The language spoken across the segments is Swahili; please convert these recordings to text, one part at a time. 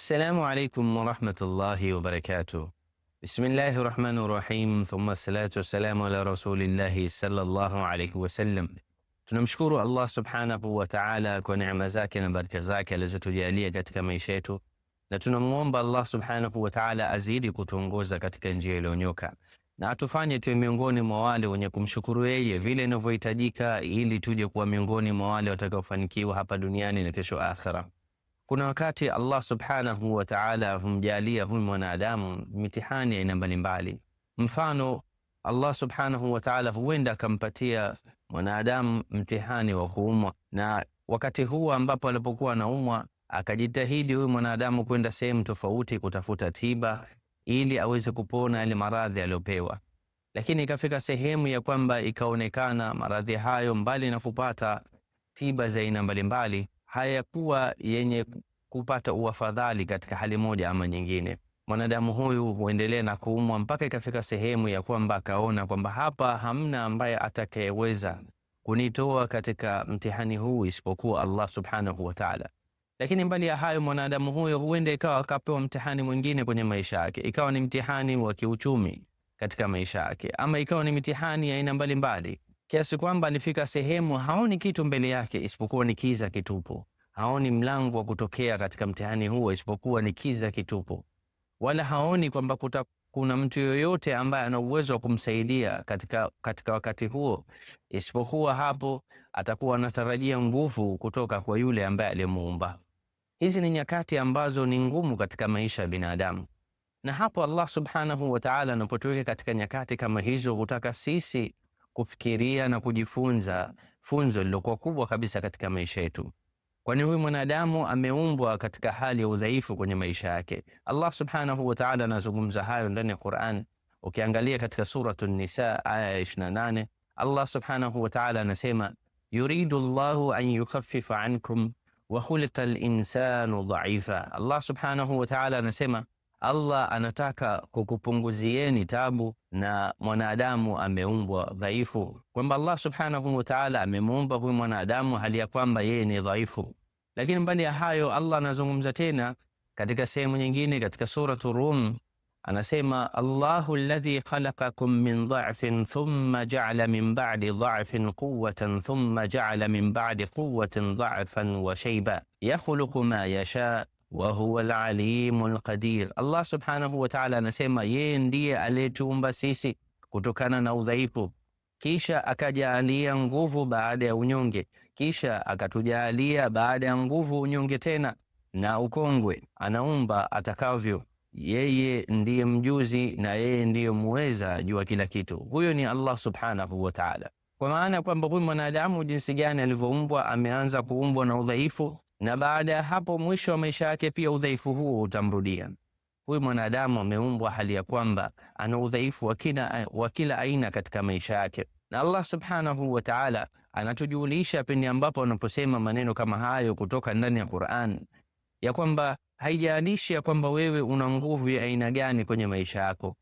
السلام عليكم ورحمة الله وبركاته بسم الله الرحمن الرحيم ثم الصلاة والسلام على رسول الله صلى الله عليه وسلم نشكر الله سبحانه وتعالى كنعم زاك نبرك زاك لزتو ديالية كتك ميشيتو نتنمون بالله سبحانه وتعالى أزيد كتنغوزة كتك نجيلو نيوكا natufanye tuwe miongoni mwa wale wenye kumshukuru yeye vile inavyohitajika ili tuje kuwa miongoni mwa wale watakaofanikiwa hapa duniani na kesho akhira Kuna wakati Allah subhanahu wa ta'ala humjalia huyu mwanadamu mitihani aina mbalimbali. Mfano, Allah subhanahu wa ta'ala huenda akampatia mwanadamu mtihani wa kuumwa, na wakati huo ambapo alipokuwa anaumwa akajitahidi huyu mwanadamu kwenda sehemu tofauti kutafuta tiba ili aweze kupona yale maradhi aliyopewa, lakini ikafika sehemu ya kwamba ikaonekana maradhi hayo mbali na kupata tiba za aina mbalimbali hayakuwa yenye kupata uafadhali katika hali moja ama nyingine. Mwanadamu huyu huendelea na kuumwa mpaka ikafika sehemu ya kwamba akaona kwamba hapa hamna ambaye atakayeweza kunitoa katika mtihani huu isipokuwa Allah subhanahu wa ta'ala. Lakini mbali ya hayo, mwanadamu huyo huenda ikawa akapewa mtihani mwingine kwenye maisha yake, ikawa ni mtihani wa kiuchumi katika maisha yake, ama ikawa ni mitihani ya aina mbalimbali kiasi kwamba alifika sehemu haoni kitu mbele yake isipokuwa ni kiza kitupu, haoni mlango wa kutokea katika mtihani huo isipokuwa ni kiza kitupu, wala haoni kwamba kuta kuna mtu yoyote ambaye ana uwezo wa kumsaidia katika, katika wakati huo isipokuwa hapo atakuwa anatarajia nguvu kutoka kwa yule ambaye alimuumba. Hizi ni nyakati ambazo ni ngumu katika maisha ya binadamu, na hapo Allah subhanahu wa ta'ala anapotuweka katika nyakati kama hizo, hutaka sisi kufikiria na kujifunza funzo lilokuwa kubwa kabisa katika maisha yetu, kwani huyu mwanadamu ameumbwa katika hali ya udhaifu kwenye maisha yake. Allah subhanahu wa ta'ala anazungumza hayo ndani ya Qur'an. Ukiangalia katika suratu Nisa aya ya 28, Allah subhanahu wa ta'ala anasema yuridu llahu an yukhaffifa ankum wa khuliqa al-insanu dha'ifa. Allah subhanahu wa ta'ala anasema Allah anataka kukupunguzieni tabu, na mwanadamu ameumbwa dhaifu, kwamba Allah subhanahu wa ta'ala amemuumba huyu mwanadamu hali ya kwamba yeye ni dhaifu. Lakini mbali ya hayo, Allah anazungumza tena katika sehemu nyingine, katika suratu Rum anasema, Allahu alladhi khalaqakum min dha'fin thumma ja'ala min ba'di dha'fin quwwatan thumma ja'ala min ba'di quwwatin dha'fan wa shayba yakhluqu ma yasha wa huwa alalimul Allah subhanahu wa ta'ala anasema yeye ndiye aliyetuumba sisi kutokana na udhaifu, kisha akajaalia nguvu baada ya unyonge, kisha akatujaalia baada ya nguvu unyonge tena na ukongwe. Anaumba atakavyo, yeye ndiye mjuzi na yeye ndiye muweza jua kila kitu. Huyo ni Allah subhanahu wa ta'ala, kwa maana kwamba huyu mwanadamu jinsi gani alivyoumbwa, ameanza kuumbwa na udhaifu na baada ya hapo mwisho wa maisha yake pia udhaifu huo utamrudia. Huyu mwanadamu ameumbwa hali ya kwamba ana udhaifu wa kila aina katika maisha yake, na Allah subhanahu wa ta'ala anatujulisha pindi ambapo anaposema maneno kama hayo kutoka ndani ya Qur'an ya kwamba haijaanishi ya kwamba wewe una nguvu ya aina gani kwenye maisha yako,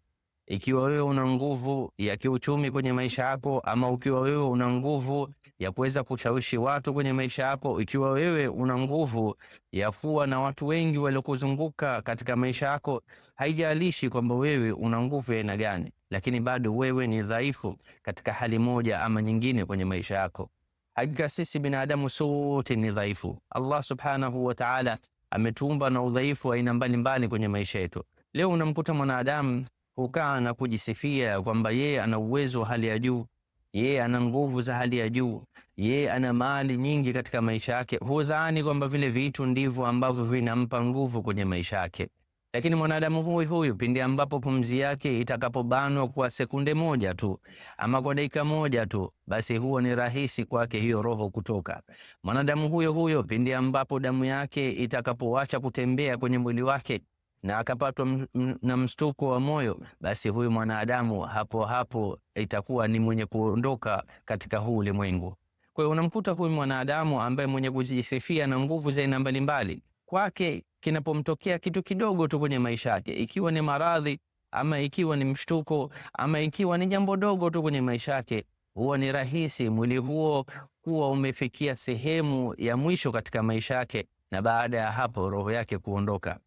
ikiwa wewe una nguvu ya kiuchumi kwenye maisha yako, ama ukiwa wewe una nguvu ya kuweza kushawishi watu kwenye maisha yako, ikiwa wewe una nguvu ya kuwa na watu wengi waliokuzunguka katika maisha yako, haijalishi kwamba wewe una nguvu ya aina gani, lakini bado wewe ni dhaifu katika hali moja ama nyingine kwenye maisha yako. Hakika sisi binadamu sote ni dhaifu. Allah subhanahu wa ta'ala ametuumba na udhaifu aina mbalimbali kwenye maisha yetu. Leo unamkuta mwanadamu hukaa na kujisifia kwamba yeye ana uwezo wa hali ya juu, yeye ana nguvu za hali ya juu, yeye ana mali nyingi katika maisha yake, hudhani kwamba vile vitu ndivyo ambavyo vinampa nguvu kwenye maisha yake. Lakini mwanadamu huyu huyu pindi ambapo pumzi yake itakapobanwa kwa sekunde moja tu ama kwa dakika moja tu, basi huo ni rahisi kwake hiyo roho kutoka. Mwanadamu huyo huyo pindi ambapo damu yake itakapoacha kutembea kwenye mwili wake na akapatwa na mshtuko wa moyo, basi huyu mwanadamu hapo hapo itakuwa ni mwenye kuondoka katika huu ulimwengu. Kwa hiyo unamkuta huyu mwanadamu ambaye mwenye kujisifia na nguvu za aina mbalimbali, kwake kinapomtokea kitu kidogo tu kwenye maisha yake, ikiwa ni maradhi ama ikiwa ni mshtuko ama ikiwa ni jambo dogo tu kwenye maisha yake, huwa ni rahisi mwili huo kuwa umefikia sehemu ya mwisho katika maisha yake, na baada ya hapo roho yake kuondoka.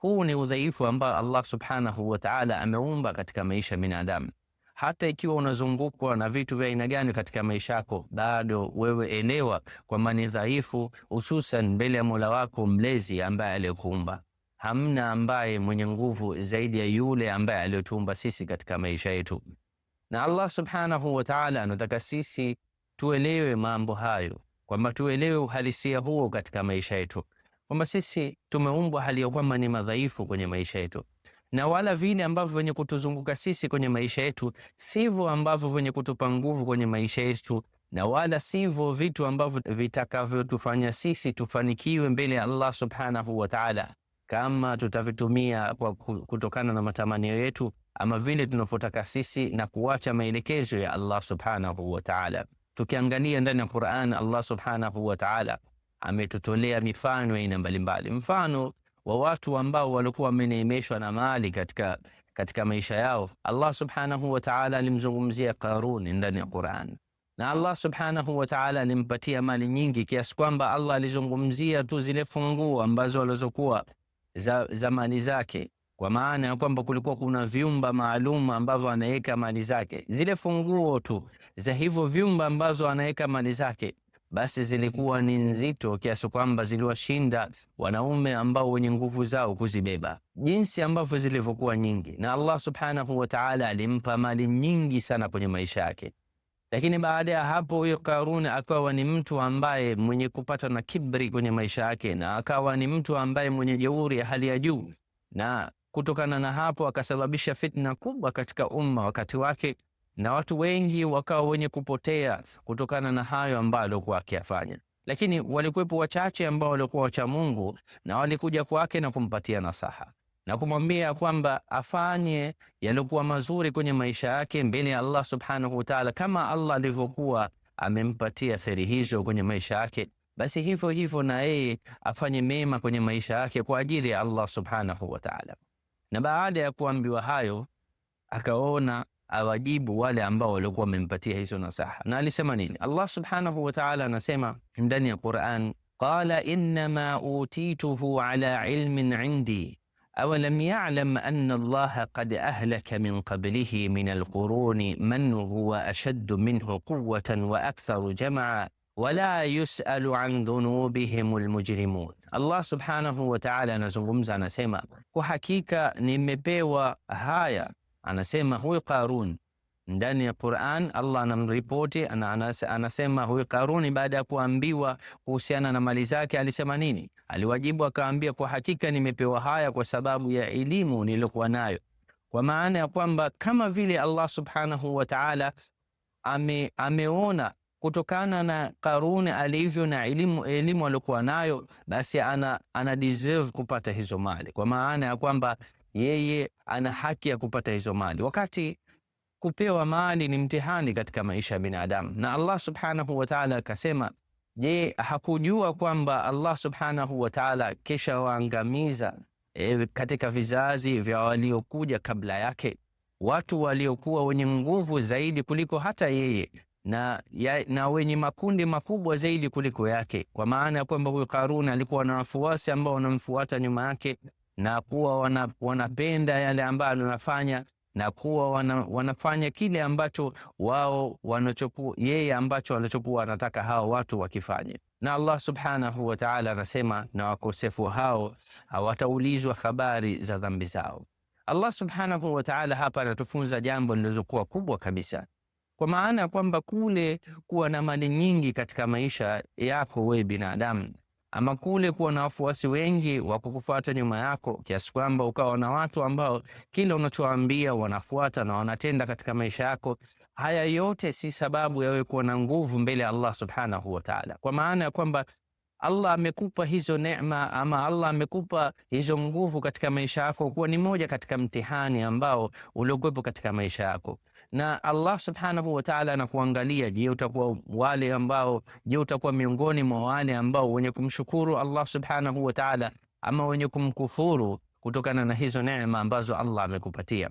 Huu ni udhaifu ambao Allah subhanahu wa ta'ala ameumba katika maisha ya binadamu. Hata ikiwa unazungukwa na vitu vya aina gani katika maisha yako, bado wewe elewa kwamba ni dhaifu, hususan mbele ya Mola wako mlezi ambaye aliyokuumba Hamna ambaye mwenye nguvu zaidi ya yule ambaye aliyotuumba sisi katika maisha yetu, na Allah subhanahu wa ta'ala anataka sisi tuelewe mambo hayo, kwamba tuelewe uhalisia huo katika maisha yetu kwamba sisi tumeumbwa hali ya kwamba ni madhaifu kwenye maisha yetu, na wala vile ambavyo venye kutuzunguka sisi kwenye maisha yetu sivyo ambavyo venye kutupa nguvu kwenye maisha yetu, na wala sivyo vitu ambavyo vitakavyotufanya sisi tufanikiwe mbele ya Allah subhanahu wataala kama tutavitumia kwa kutokana na matamanio yetu ama vile tunavyotaka sisi na kuacha maelekezo ya Allah subhanahu wataala Tukiangalia ndani ya Qur'an, Allah subhanahu wataala ametotolea mifano aina mbalimbali, mfano wa watu ambao walikuwa wameneemeshwa na mali katika, katika maisha yao. Allah subhanahu wa ta'ala alimzungumzia Qarun ndani ya Qur'an, na Allah subhanahu wa ta'ala alimpatia mali nyingi kiasi kwamba Allah alizungumzia tu zile funguo ambazo walizokuwa za, za mali zake, kwa maana ya kwamba kulikuwa kuna vyumba maalum ambavyo anaweka mali zake, zile funguo tu za hivyo vyumba ambazo anaweka mali zake basi zilikuwa ni nzito kiasi kwamba ziliwashinda wanaume ambao wenye nguvu zao kuzibeba, jinsi ambavyo zilivyokuwa nyingi. Na Allah subhanahu wa ta'ala alimpa mali nyingi sana kwenye maisha yake, lakini baada ya hapo huyo Karun akawa ni mtu ambaye mwenye kupata na kibri kwenye maisha yake, na akawa ni mtu ambaye mwenye jeuri ya hali ya juu, na kutokana na hapo akasababisha fitna kubwa katika umma wakati wake na watu wengi wakawa wenye kupotea kutokana na hayo ambayo alikuwa akiyafanya, lakini walikuwepo wachache ambao walikuwa wacha Mungu na walikuja kwake na kumpatia nasaha na kumwambia kwamba afanye yaliokuwa mazuri kwenye maisha yake mbele ya Allah subhanahu wa ta'ala, kama Allah alivyokuwa amempatia feri hizo kwenye maisha yake, basi hivyo hivyo na yeye afanye mema kwenye maisha yake kwa ajili ya Allah subhanahu wa ta'ala. Na baada ya kuambiwa hayo akaona awajibu wale ambao walikuwa wamempatia hizo nasaha. Na alisema nini? Allah subhanahu wa ta'ala anasema ndani ya Qur'an, qala innama utituhu ala ilmin indi awalam ya'lam anna Allah qad ahlaka min qablihi min alquruni man huwa ashaddu minhu quwwatan wa jamaa jam'a wala yusalu an dhunubihim almujrimun. Allah subhanahu wa ta'ala anazungumza, anasema kwa hakika nimepewa haya Anasema huyu Qarun ndani ya Qur'an Allah anamripoti anasema, huyu Qaruni baada ya kuambiwa kuhusiana na mali zake alisema nini? Aliwajibu akaambia, kwa hakika nimepewa haya kwa sababu ya elimu niliyokuwa nayo, kwa maana ya kwamba kama vile Allah subhanahu wa ta'ala ame, ameona kutokana na Qaruni alivyo na elimu elimu aliyokuwa nayo, basi ana, ana deserve kupata hizo mali kwa maana ya kwamba yeye ana haki ya kupata hizo mali, wakati kupewa mali ni mtihani katika maisha ya binadamu. Na Allah subhanahu wa ta'ala akasema, je, hakujua kwamba Allah subhanahu wa ta'ala kisha waangamiza e, katika vizazi vya waliokuja kabla yake watu waliokuwa wenye nguvu zaidi kuliko hata yeye na, ya, na wenye makundi makubwa zaidi kuliko yake, kwa maana ya kwamba huyu Karun alikuwa na wafuasi ambao wanamfuata nyuma yake na kuwa wana, wanapenda yale ambayo anayofanya na kuwa wana, wanafanya kile ambacho wao wanachokuwa yeye ambacho wanachokuwa anataka hao watu wakifanye. Na Allah subhanahu wa ta'ala anasema na wakosefu hao hawataulizwa habari za dhambi zao. Allah subhanahu wa ta'ala hapa anatufunza jambo lililokuwa kubwa kabisa, kwa maana ya kwamba kule kuwa na mali nyingi katika maisha yako wewe binadamu ama kule kuwa na wafuasi wengi wa kukufuata nyuma yako, kiasi kwamba ukawa na watu ambao kila unachoambia wanafuata na wanatenda katika maisha yako. Haya yote si sababu ya wewe kuwa na nguvu mbele ya Allah subhanahu wa ta'ala, kwa maana ya kwamba Allah amekupa hizo neema ama Allah amekupa hizo nguvu katika maisha yako, kuwa ni moja katika mtihani ambao uliokuwepo katika maisha yako, na Allah subhanahu wa ta'ala anakuangalia. Je, utakuwa wale ambao, je, utakuwa miongoni mwa wale ambao wenye kumshukuru Allah subhanahu wa ta'ala ama wenye kumkufuru kutokana na hizo neema ambazo Allah amekupatia?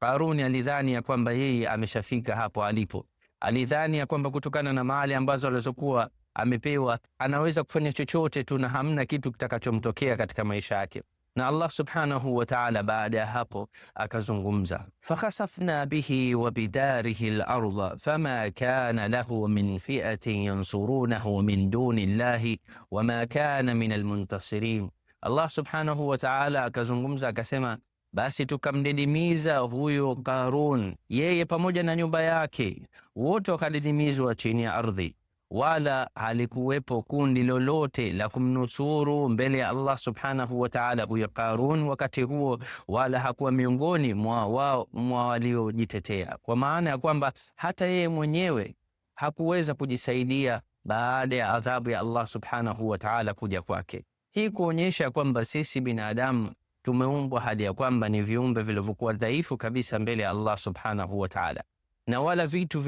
Karuni alidhani ya kwamba yeye ameshafika hapo alipo, alidhani ya kwamba kutokana na mali ambazo alizokuwa amepewa, anaweza kufanya chochote tu na hamna kitu kitakachomtokea katika maisha yake. Na Allah subhanahu wa ta'ala baada ya hapo akazungumza, fakhasafna bihi wa bidarihi al-ardha fama kana lahu min fi'atin yansurunahu min duni llahi wama kana min almuntasirin. Allah subhanahu wa ta'ala akazungumza akasema, basi tukamdidimiza huyo Qarun, yeye pamoja na nyumba yake wote wakadidimizwa chini ya ardhi wala halikuwepo kundi lolote la kumnusuru mbele ya Allah subhanahu wa ta'ala huyo Qarun wakati huo, wala hakuwa miongoni mwa wao mwa waliojitetea, kwa maana ya kwamba hata yeye mwenyewe hakuweza kujisaidia baada ya adhabu ya Allah subhanahu wa ta'ala kuja kwake. Hii kuonyesha kwamba sisi binadamu tumeumbwa hali ya kwamba ni viumbe vilivyokuwa dhaifu kabisa mbele ya Allah subhanahu wa ta'ala na wala vitu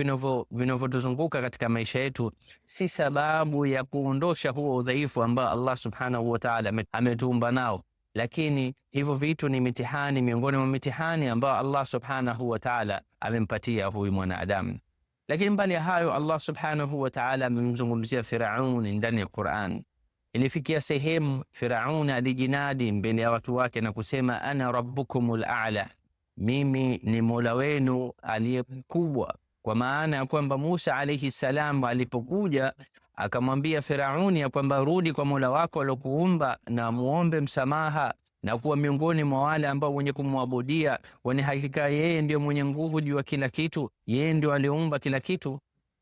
vinavyotuzunguka katika maisha yetu si sababu ya kuondosha huo udhaifu ambao Allah subhanahu wataala ta'ala ametuumba nao, lakini hivyo vitu ni mitihani miongoni mwa mitihani ambayo Allah subhanahu wataala amempatia huyu mwanadamu. Lakini mbali ya hayo, Allah subhanahu wataala amemzungumzia Firauni ndani ya Qur'an. Ilifikia sehemu Firauni alijinadi mbele ya watu wake na kusema, ana rabbukumul a'la mimi ni mola wenu aliye mkubwa. Kwa maana ya kwamba Musa alaihi salam alipokuja akamwambia Firauni ya kwamba rudi kwa mola wako aliokuumba na muombe msamaha na kuwa miongoni mwa wale ambao wenye kumwabudia, kwani hakika yeye ndio mwenye nguvu juu ya kila kitu, yeye ndio aliumba kila kitu.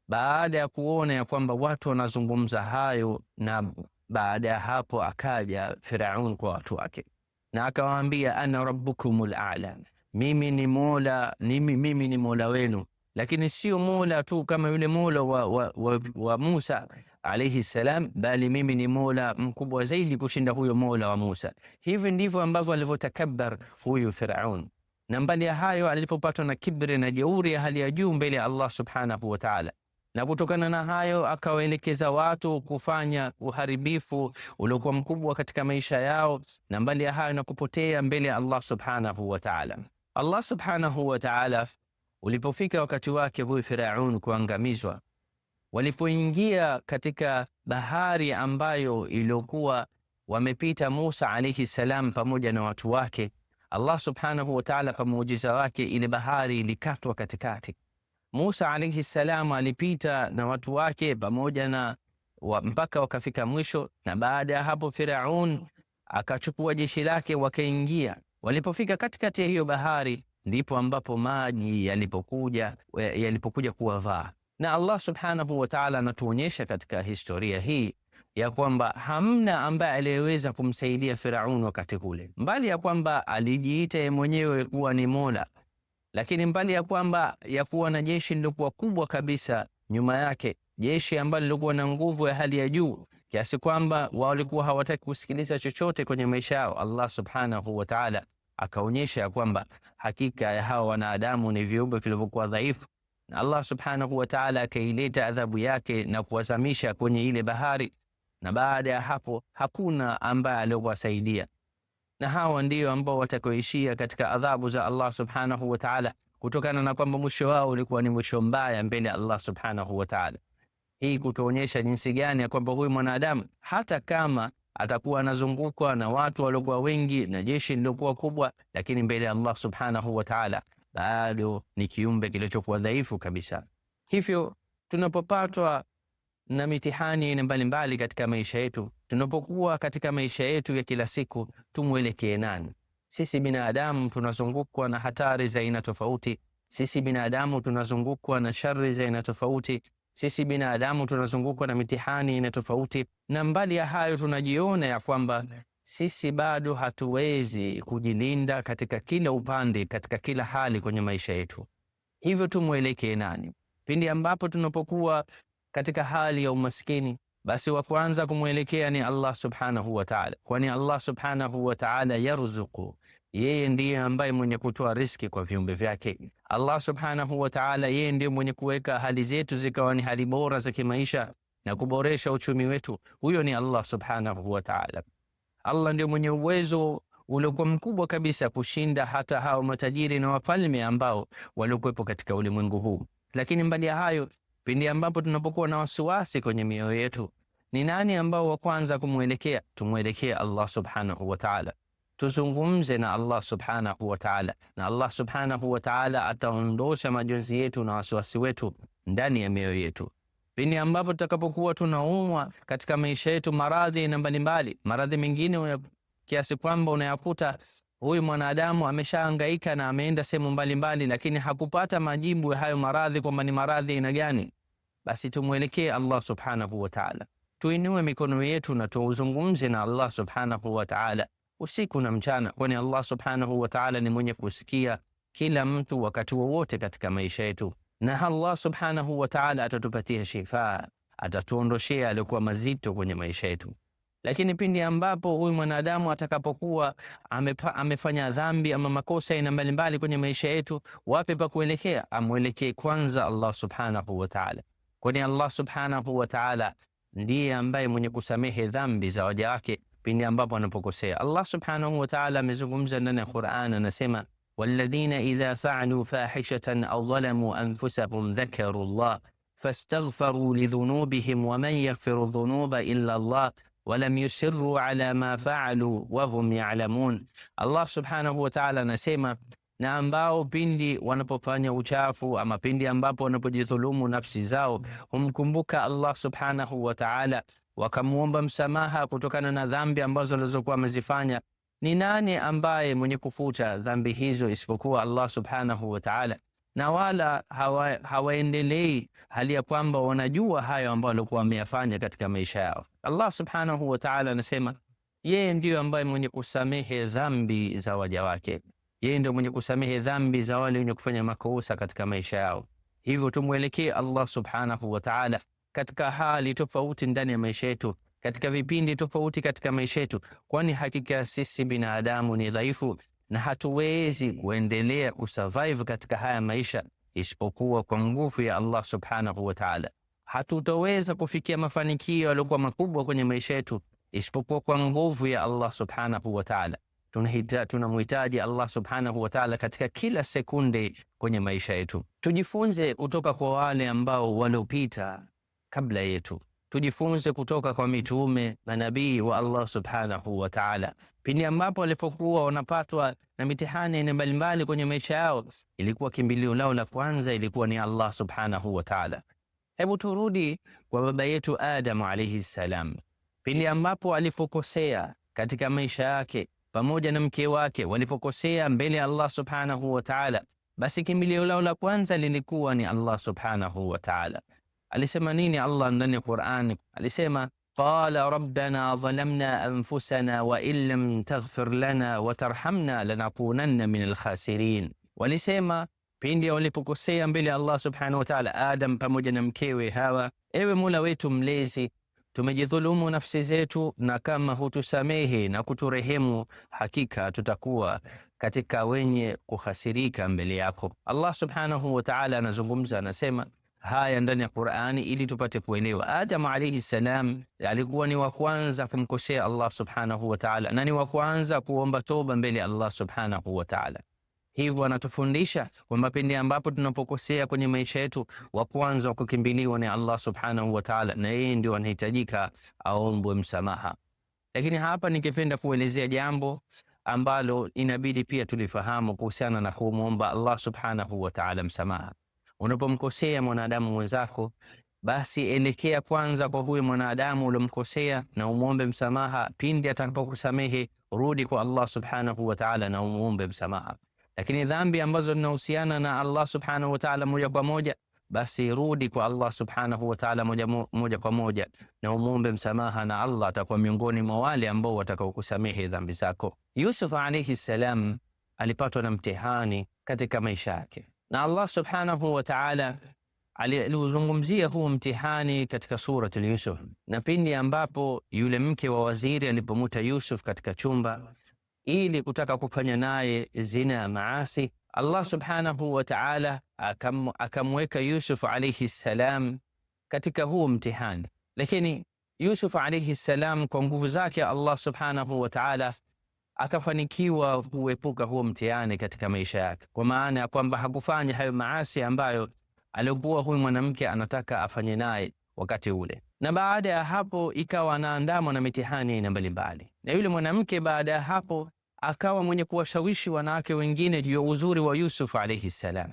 Baada ya kuona ya kwamba watu wanazungumza hayo, na baada ya hapo akaja Firaun kwa watu wake na akawaambia, ana rabbukumul a'la mimi ni mola mimi, mimi ni mola wenu, lakini sio mola tu kama yule mola wa, wa, wa, wa Musa alaihi salam, bali mimi ni mola mkubwa zaidi kushinda huyo mola wa Musa. Hivi ndivyo ambavyo alivyotakabbar huyu Firaun, na mbali ya hayo alipopatwa na kibri na jeuri ya hali ya juu mbele ya Allah subhanahu wa ta'ala na kutokana na hayo akawaelekeza watu kufanya uharibifu uliokuwa mkubwa katika maisha yao, na mbali ya hayo na kupotea mbele ya Allah subhanahu wa ta'ala. Allah subhanahu wa ta'ala, ulipofika wakati wake huyu Firaun kuangamizwa, walipoingia katika bahari ambayo iliyokuwa wamepita Musa alayhi salam pamoja na watu wake, Allah subhanahu wa ta'ala kwa muujiza wake ile bahari ilikatwa katikati. Musa alayhi salam alipita na watu wake pamoja na wa mpaka wakafika mwisho, na baada ya hapo Firaun akachukua jeshi lake wakaingia Walipofika katikati ya hiyo bahari, ndipo ambapo maji yalipokuja yalipokuja kuwavaa. Na Allah subhanahu wa ta'ala anatuonyesha katika historia hii ya kwamba hamna ambaye aliyeweza kumsaidia Firaun wakati ule, mbali ya kwamba alijiita yeye mwenyewe kuwa ni mola, lakini mbali ya kwamba ya kuwa na jeshi lilokuwa kubwa kabisa nyuma yake, jeshi ambalo lilikuwa na nguvu ya hali ya juu kiasi kwamba walikuwa hawataki kusikiliza chochote kwenye maisha yao. Allah subhanahu wa ta'ala akaonyesha ya kwamba hakika ya hawa wanadamu ni viumbe vilivyokuwa dhaifu, na Allah subhanahu wa ta'ala akaileta adhabu yake na kuwazamisha kwenye ile bahari, na baada ya hapo hakuna ambaye aliowasaidia, na hawa ndio ambao watakoishia katika adhabu za Allah subhanahu wa ta'ala, kutokana na kwamba mwisho wao ulikuwa ni mwisho mbaya mbele ya Allah subhanahu wa ta'ala hii kutuonyesha jinsi gani ya kwamba huyu mwanadamu hata kama atakuwa anazungukwa na watu waliokuwa wengi na jeshi lilokuwa kubwa, lakini mbele ya Allah subhanahu wa ta'ala bado ni kiumbe kilichokuwa dhaifu kabisa. Hivyo tunapopatwa na mitihani aina mbalimbali katika maisha yetu, tunapokuwa katika maisha yetu ya kila siku, tumwelekee nani? Sisi binadamu tunazungukwa na hatari za aina tofauti. Sisi binadamu tunazungukwa na shari za aina tofauti. Sisi binadamu tunazungukwa na mitihani na tofauti, na mbali ya hayo tunajiona ya kwamba sisi bado hatuwezi kujilinda katika kila upande, katika kila hali kwenye maisha yetu. Hivyo tumwelekee nani? Pindi ambapo tunapokuwa katika hali ya umaskini, basi wa kwanza kumwelekea ni Allah subhanahu wa ta'ala, kwani Allah subhanahu wa ta'ala yarzuku yeye ndiye ambaye mwenye kutoa riski kwa viumbe vyake. Allah subhanahu wa ta'ala, yeye ndiye mwenye kuweka hali zetu zikawa ni hali bora za kimaisha na kuboresha uchumi wetu. Huyo ni Allah subhanahu wa ta'ala. Allah ndiye mwenye uwezo uliokuwa mkubwa kabisa kushinda hata hao matajiri na wafalme ambao waliokuwepo katika ulimwengu huu. Lakini mbali ya hayo, pindi ambapo tunapokuwa na wasiwasi kwenye mioyo yetu, ni nani ambao wa kwanza kumwelekea? Tumwelekee Allah subhanahu wa ta'ala tuzungumze na Allah subhanahu wa ta'ala, na Allah subhanahu wa ta'ala ataondosha majonzi yetu na wasiwasi wetu ndani ya mioyo yetu pindi ambapo tutakapokuwa tunaumwa katika maisha yetu maradhi na mbalimbali. Maradhi mengine kiasi kwamba unayakuta huyu mwanadamu ameshaangaika na ameenda sehemu mbalimbali, lakini hakupata majibu ya hayo maradhi, kwamba ni maradhi aina gani. Basi tumwelekee Allah subhanahu wa ta'ala, tuinue mikono yetu na tuzungumze na Allah subhanahu wa ta'ala usiku na mchana, kwani Allah subhanahu wa ta'ala ni mwenye kusikia kila mtu wakati wowote katika maisha yetu, na Allah subhanahu wa ta'ala atatupatia shifa, atatuondoshea aliyokuwa mazito kwenye maisha yetu. Lakini pindi ambapo huyu mwanadamu atakapokuwa amefanya dhambi ama makosa aina mbalimbali kwenye maisha yetu, wapi pa kuelekea? Amwelekee kwanza Allah subhanahu wa ta'ala, kwani Allah subhanahu wa ta'ala ndiye ambaye mwenye kusamehe dhambi za waja wake pindi ambapo anapokosea. Allah subhanahu wa ta'ala amezungumza ndani ya Qur'an, anasema walladhina idha fa'alu fahishatan aw dhalamu anfusahum dhakaru llah fastaghfaru lidhunubihim wa man yaghfiru dhunuba illa Allah walam yusirru ala ma faalu wahum yalamun. Allah subhanahu wa ta'ala anasema na ambao pindi wanapofanya uchafu ama pindi ambapo wanapojidhulumu nafsi zao humkumbuka Allah subhanahu wa ta'ala wakamwomba msamaha kutokana na dhambi ambazo walizokuwa wamezifanya. Ni nani ambaye mwenye kufuta dhambi hizo isipokuwa Allah subhanahu wa ta'ala? Na wala hawa, hawaendelei hali ya kwamba wanajua hayo ambayo walikuwa wameyafanya katika maisha yao. Allah subhanahu wa ta'ala anasema yeye ndiyo ambaye mwenye kusamehe dhambi za waja wake, yeye ndio mwenye kusamehe dhambi za wale wenye kufanya makosa katika maisha yao. Hivyo tumwelekee Allah subhanahu wa ta'ala katika hali tofauti ndani ya maisha yetu, katika vipindi tofauti katika maisha yetu, kwani hakika sisi binadamu ni dhaifu na hatuwezi kuendelea kusurvive katika haya maisha isipokuwa kwa nguvu ya Allah subhanahu wa ta'ala. Hatutoweza kufikia mafanikio yaliyokuwa makubwa kwenye maisha yetu isipokuwa kwa nguvu ya Allah subhanahu wa ta'ala. Tunamhitaji Allah subhanahu wa ta'ala katika kila sekunde kwenye maisha yetu. Tujifunze kutoka kwa wale ambao waliopita kabla yetu. Tujifunze kutoka kwa mitume manabii wa Allah subhanahu wa ta'ala, pindi ambapo walipokuwa wanapatwa na mitihani aina mbalimbali kwenye maisha yao, ilikuwa kimbilio lao la kwanza ilikuwa ni Allah subhanahu wa ta'ala. Hebu turudi kwa baba yetu Adam alayhi salam, pindi ambapo alipokosea katika maisha yake pamoja na mke wake walipokosea mbele ya Allah subhanahu wa ta'ala, basi kimbilio lao la kwanza lilikuwa ni Allah subhanahu wa ta'ala. Alisema nini Allah ndani ya Qur'an? Alisema qala rabbana dhalamna anfusana wa in lam taghfir lana wa tarhamna lanakunanna min alkhasirin. Walisema pindi walipokosea mbele Allah subhanahu wa ta'ala, Adam pamoja na mkewe Hawa, ewe Mola wetu mlezi tumejidhulumu nafsi zetu, na kama hutusamehe na kuturehemu, hakika tutakuwa katika wenye kuhasirika mbele yako. Allah subhanahu wa ta'ala anazungumza, anasema haya ndani ya Qur'ani ili tupate kuelewa. Adam alayhi salam alikuwa ni wa kwanza kumkosea Allah subhanahu wa ta'ala, na ni wa kwanza kuomba toba mbele ya Allah subhanahu wa ta'ala. Hivyo anatufundisha kwamba pindi ambapo tunapokosea kwenye maisha yetu, wa kwanza wa kukimbiliwa ni Allah subhanahu wa ta'ala, na yeye ndio anahitajika aombwe msamaha. Lakini hapa ningependa kuelezea jambo ambalo inabidi pia tulifahamu kuhusiana na kumwomba Allah subhanahu wa ta'ala msamaha. Unapomkosea mwanadamu mwenzako, basi elekea kwanza kwa huyo mwanadamu uliomkosea na umwombe msamaha. Pindi atakapokusamehe rudi kwa Allah subhanahu wa ta'ala na umwombe msamaha. Lakini dhambi ambazo zinahusiana na Allah subhanahu wa ta'ala moja kwa moja, basi rudi kwa Allah subhanahu wa ta'ala moja, moja kwa moja na umwombe msamaha, na Allah atakuwa miongoni mwa wale ambao watakaokusamehe dhambi zako. Yusuf alayhi salam alipatwa na mtihani katika maisha yake. Na Allah subhanahu wa ta'ala aliuzungumzia huu mtihani katika surat Yusuf, na pindi ambapo yule mke wa waziri alipomuta Yusuf katika chumba ili kutaka kufanya naye zina maasi, Allah subhanahu wa ta'ala akamweka Yusuf alayhi salam katika huu mtihani, lakini Yusuf alayhi salam kwa nguvu zake Allah subhanahu wa ta'ala akafanikiwa kuepuka huo mtihani katika maisha yake, kwa maana ya kwamba hakufanya hayo maasi ambayo aliyokuwa huyu mwanamke anataka afanye naye wakati ule. Na baada ya hapo ikawa anaandamwa na mitihani aina mbalimbali, na yule mwanamke baada ya hapo akawa mwenye kuwashawishi wanawake wengine juu ya uzuri wa Yusuf alaihi salam.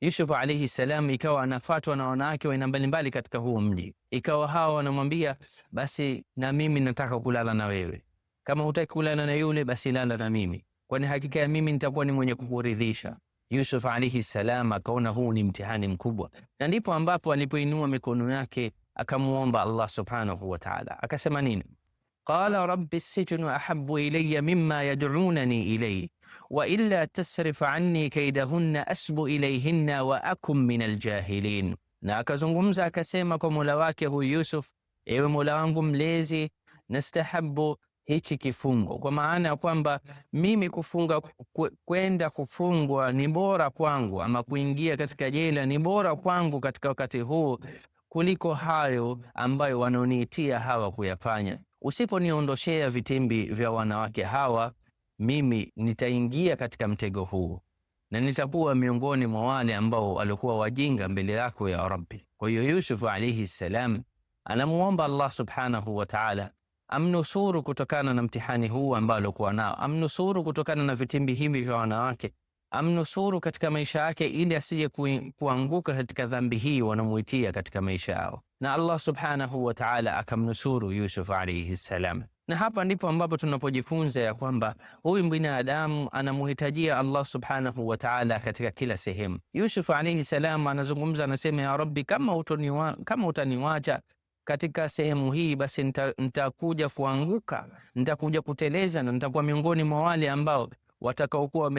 Yusuf alaihi salam ikawa anafatwa na wanawake wa aina mbalimbali katika huo mji, ikawa hawa wanamwambia basi, na mimi nataka kulala na wewe kama hutaki kulala na yule, basi lala na mimi, kwani hakika ya mimi nitakuwa ni mwenye kukuridhisha. Yusuf alaihi salam akaona huu ni mtihani mkubwa, na ndipo ambapo alipoinua mikono yake akamwomba Allah subhanahu wa ta'ala. Akasema nini? Qala rabbi sijnu ahabu ilaya mima yadunani ilayhi wa illa tasrif anni kaidahunna asbu ilayhinna wa akum min aljahilin. Na akazungumza akasema kwa mola wake huyu Yusuf, ewe mola wangu mlezi, nastahabu hichi kifungo, kwa maana ya kwamba mimi kufunga kwenda kufungwa ni bora kwangu, ama kuingia katika jela ni bora kwangu katika wakati huu kuliko hayo ambayo wanaoniitia hawa kuyafanya. Usiponiondoshea vitimbi vya wanawake hawa, mimi nitaingia katika mtego huu na nitakuwa miongoni mwa wale ambao walikuwa wajinga mbele yako ya Rabbi. Kwa hiyo Yusuf alaihi salam anamwomba Allah subhanahu wa taala amnusuru kutokana na mtihani huu ambao alikuwa nao, amnusuru kutokana na vitimbi hivi vya wanawake, amnusuru katika maisha yake, ili asije kuanguka katika dhambi hii wanamuitia katika maisha yao. Na Allah subhanahu wa ta'ala akamnusuru Yusuf alayhi salam. Na hapa ndipo ambapo tunapojifunza ya kwamba huyu binadamu anamuhitajia Allah subhanahu wa ta'ala katika kila sehemu. Yusuf alayhi salam anazungumza, anasema ya Rabbi, kama utaniwacha katika sehemu hii, basi nitakuja kuanguka, nitakuja kuteleza na nitakuwa miongoni mwa wale ambao watakaokuwa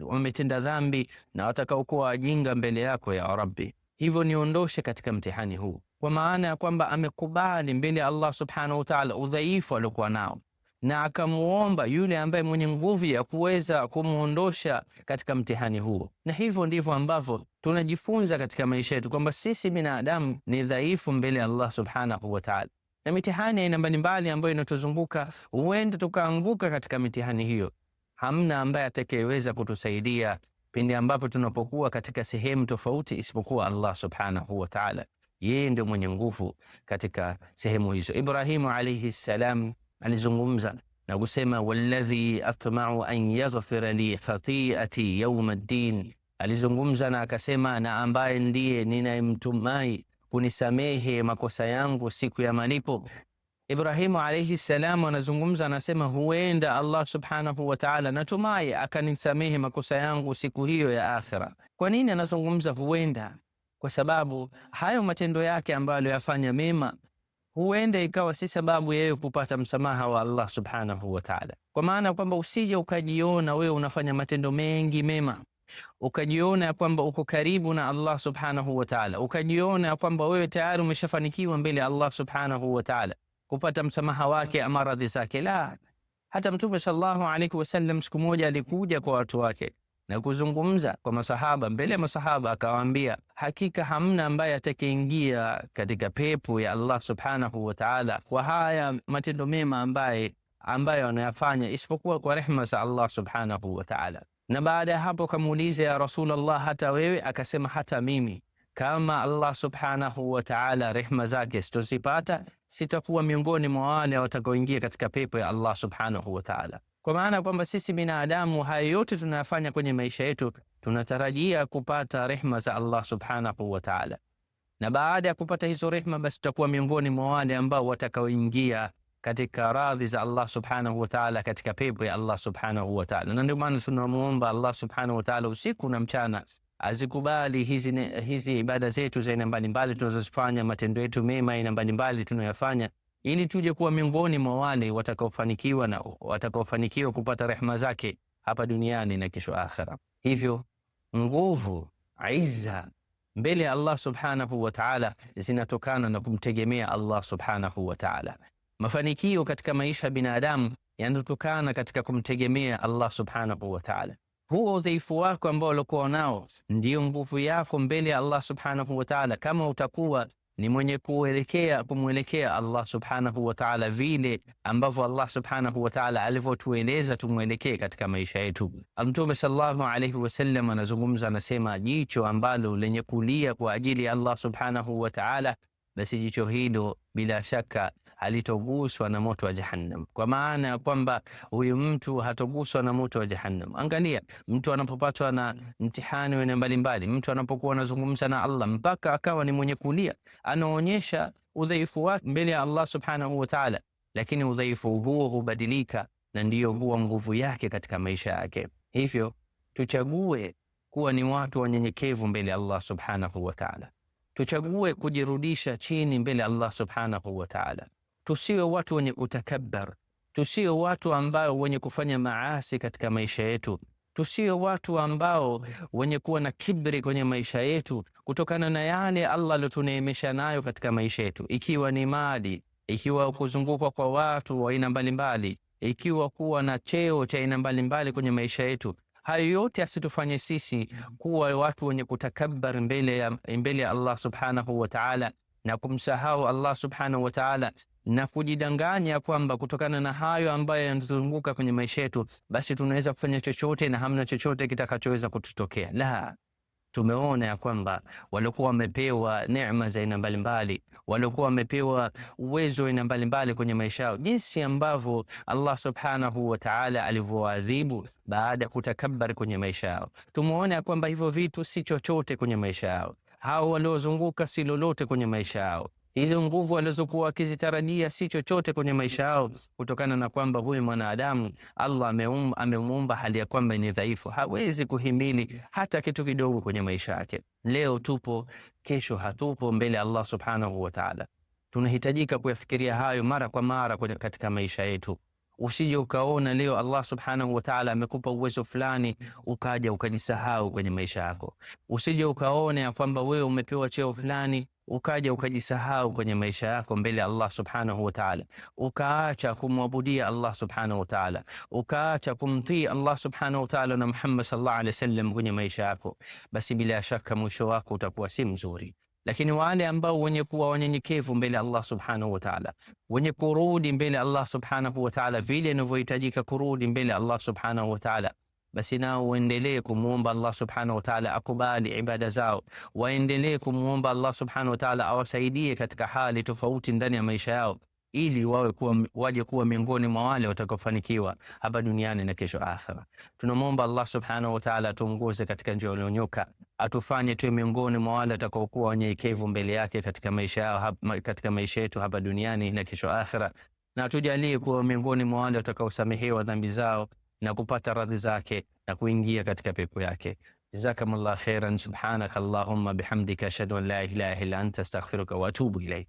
wametenda dhambi na watakaokuwa wajinga mbele yako ya Rabbi. Hivyo niondoshe katika mtihani huu, kwa maana ya kwamba amekubali mbele ya Allah subhanahu wa ta'ala udhaifu aliokuwa nao na akamuomba yule ambaye mwenye nguvu ya kuweza kumwondosha katika mtihani huo. Na hivyo ndivyo ambavyo tunajifunza katika maisha yetu kwamba sisi binadamu ni dhaifu mbele ya Allah subhanahu wa ta'ala, na mitihani aina mbalimbali ambayo inatuzunguka, huenda tukaanguka katika mitihani hiyo. Hamna ambaye atakayeweza kutusaidia pindi ambapo tunapokuwa katika sehemu tofauti isipokuwa Allah subhanahu wa ta'ala. Yeye ndio mwenye nguvu katika sehemu hizo. Ibrahimu alaihi salam alizungumza na kusema walladhi atma'u an yaghfira li khati'ati yawm ad-din. Alizungumza na akasema, na ambaye ndiye ninayemtumai kunisamehe makosa yangu siku ya malipo. Ibrahimu alayhi salam anazungumza, anasema huenda Allah subhanahu wa ta'ala, natumai akanisamehe makosa yangu siku hiyo ya akhira. Kwa nini anazungumza huenda? Kwa sababu hayo matendo yake ambayo aliyofanya mema huenda ikawa si sababu yeye kupata msamaha wa Allah subhanahu wa ta'ala, kwa maana kwamba usije ukajiona wewe unafanya matendo mengi mema ukajiona ya kwamba uko karibu na Allah subhanahu wa ta'ala, ukajiona ya kwamba wewe tayari umeshafanikiwa mbele Allah subhanahu wa ta'ala kupata msamaha wake amaradhi zake. La, hata Mtume sallallahu alayhi wasallam siku moja alikuja kwa watu wake na kuzungumza kwa masahaba mbele ya masahaba, akawaambia hakika hamna ambaye atakayeingia katika pepo ya Allah subhanahu wa ta'ala kwa haya matendo mema ambaye ambayo anayafanya isipokuwa kwa rehma za Allah subhanahu wa ta'ala. Na baada ya hapo kamuuliza ya Rasulullah, hata wewe? Akasema, hata mimi kama Allah subhanahu wa ta'ala rehma zake sitozipata, sitakuwa miongoni mwa wale watakaoingia katika pepo ya Allah subhanahu wa ta'ala. Kwa maana kwamba sisi binadamu haya yote tunayafanya kwenye maisha yetu tunatarajia kupata rehma za Allah subhanahu wa ta'ala, na baada ya kupata hizo rehma, basi tutakuwa miongoni mwa wale ambao watakaoingia katika radhi za Allah subhanahu wa ta'ala, katika pepo ya Allah subhanahu wa ta'ala. Na ndio maana tunamuomba Allah subhanahu wa ta'ala usiku na mchana azikubali hizi, hizi ibada zetu za aina mbalimbali tunazozifanya, matendo yetu mema aina mbalimbali tunayofanya ili tuje kuwa miongoni mwa wale watakaofanikiwa na watakaofanikiwa kupata rehema zake hapa duniani na kesho akhera. Hivyo nguvu, izza mbele ya Allah subhanahu wa ta'ala zinatokana na kumtegemea Allah subhanahu wa ta'ala. Mafanikio katika maisha ya binadamu yanatokana katika kumtegemea Allah subhanahu wa ta'ala. Huo udhaifu wako ambao ulikuwa nao ndio nguvu yako mbele ya Allah subhanahu wa ta'ala. Kama utakuwa ni mwenye kuelekea kumwelekea Allah subhanahu wa ta'ala, vile ambavyo Allah subhanahu wa ta'ala alivyotueleza tumwelekee katika maisha yetu. Mtume sallallahu alayhi wasallam anazungumza, anasema jicho ambalo lenye kulia kwa ajili ya Allah subhanahu wa ta'ala, basi jicho hilo bila shaka alitoguswa na moto wa Jahannam, kwa maana ya kwamba huyu mtu hatoguswa na moto wa Jahannam. Angalia mtu anapopatwa na mtihani wene mbalimbali, mtu anapokuwa anazungumza na Allah mpaka akawa ni mwenye kulia, anaonyesha udhaifu wake mbele ya Allah subhanahu wa ta'ala, lakini udhaifu huo hubadilika na ndiyo huwa nguvu yake katika maisha yake. Hivyo tuchague kuwa ni watu wanyenyekevu mbele ya Allah subhanahu wa ta'ala, tuchague kujirudisha chini mbele ya Allah subhanahu wa ta'ala tusiwe watu wenye utakabbar, tusiwe watu ambao wenye kufanya maasi katika maisha yetu, tusiwe watu ambao wenye kuwa na kibri kwenye maisha yetu, kutokana na yale Allah aliotuneemesha nayo katika maisha yetu, ikiwa ni mali, ikiwa kuzungukwa kwa watu wa aina mbalimbali, ikiwa kuwa na cheo cha aina mbalimbali kwenye maisha yetu. Hayo yote asitufanye sisi kuwa watu wenye kutakabar mbele ya mbele ya Allah subhanahu wa ta'ala na kumsahau Allah subhanahu wa ta'ala na kujidanganya kwamba kutokana na hayo ambayo yanazunguka kwenye maisha yetu, basi tunaweza kufanya chochote na hamna chochote kitakachoweza kututokea. La, tumeona ya kwamba waliokuwa wamepewa neema za aina mbalimbali, waliokuwa wamepewa uwezo wa aina mbalimbali kwenye maisha yao, jinsi ambavyo Allah subhanahu wa ta'ala alivyowaadhibu baada ya kutakabari kwenye maisha yao. Tumeona ya kwamba hivyo vitu si chochote kwenye maisha yao, hao waliozunguka si lolote kwenye maisha yao hizo nguvu alizokuwa wakizitarajia si chochote kwenye maisha yao, kutokana na kwamba huyu mwanadamu Allah amemuumba hali ya kwamba ni dhaifu, hawezi kuhimili hata kitu kidogo kwenye maisha yake. Leo tupo, kesho hatupo mbele ya Allah subhanahu wa ta'ala. Tunahitajika kuyafikiria hayo mara kwa mara katika maisha yetu. Usije ukaona leo Allah subhanahu wa ta'ala amekupa uwezo fulani ukaja ukajisahau kwenye maisha yako. Usije ukaona ya kwamba wewe umepewa cheo fulani ukaja ukajisahau kwenye maisha yako mbele ya Allah subhanahu wa ta'ala, ukaacha kumwabudia Allah subhanahu wa ta'ala, ukaacha kumtii Allah subhanahu wa ta'ala na Muhammad sallallahu alaihi wasallam kwenye maisha yako, basi bila shaka mwisho wako utakuwa si mzuri. lakini wale ambao wenye kuwa wanyenyekevu mbele Allah subhanahu wa ta'ala, wenye kurudi mbele Allah subhanahu wa ta'ala vile inavyohitajika kurudi mbele Allah subhanahu wa ta'ala, basi nao waendelee kumwomba Allah subhanahu wa ta'ala akubali ibada zao, waendelee kumwomba Allah subhanahu wa ta'ala awasaidie katika hali tofauti ndani ya maisha yao. ili wawe kuwa, waje kuwa miongoni mwa wale watakaofanikiwa hapa duniani na kesho akhera. Tunamwomba Allah subhanahu wa ta'ala atuongoze katika njia iliyonyoka, atufanye tuwe miongoni mwa wale watakaokuwa wanyenyekevu mbele yake katika maisha yao, katika maisha yetu hapa duniani na kesho akhera, na atujalie kuwa miongoni mwa wale watakaosamehewa dhambi zao na kupata radhi zake na kuingia katika pepo yake. Jazakumullah khairan, subhanakallahumma bihamdika, ashhadu an la ilaha illa anta, astaghfiruka wa atubu ilayk.